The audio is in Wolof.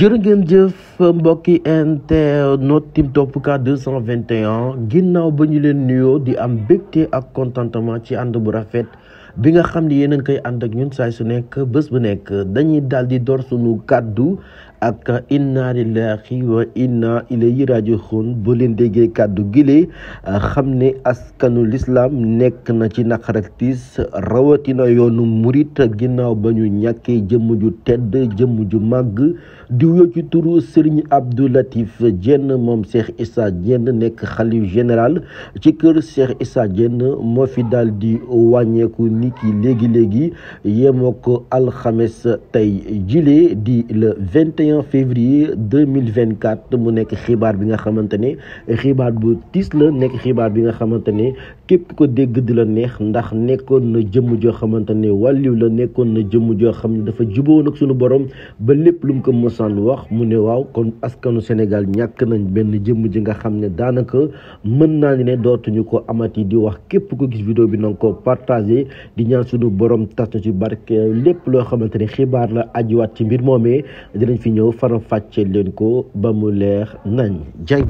jërë jëf mbokki internet Timtop K 221 ginnaaw ba ñu leen nuyoo di am bégte ak contentement ci ànd bu rafet bi nga xam ni yéen a ngi koy ànd ak ñun saay su nekk bés bu nekk dañuy daal di door suñu kàddu ak inna lillahi wa inna ilayhi raji'un boo leen déggee kàddu gilee xam ne askanu lislaam nekk na ci naqar rawatina yoonu murit ginnaaw ba ñu ñàkkee jëmm ju tedd jëmm ju màgg di wuyoo ci turu Latif Diène moom Cheikh Issa Diène nekk xalif général ci kër Cheikh Issa Diène moo fi dal di wàññeeku nit yi léegi-léegi yemoo ko alxames tey jilee di le 21 février 2024 mu nekk xibaar bi nga xamante ne xibaar bu tiis la nekk xibaar bi nga xamante ne képp ku ko dégg di la neex ndax nekkoon na jëmm joo xamante ne wàlliw la nekkoon na jëmm joo xam ne dafa jubóon ak sunu borom ba lépp lu mu ko mosaan wax mu ne waaw kon askanu Sénégal ñàkk nañ benn jëmm ji nga xam ne daanaka mën naa ne dootuñu ko amati di wax képp ko gis vidéo bi na nga ko partagé di ñaan sunu borom tas na ci barke lépp loo xamante ne xibaar la ajuwaat ci mbir moomee ñëw faram fàcce leen ko ba mu leer nañ jàng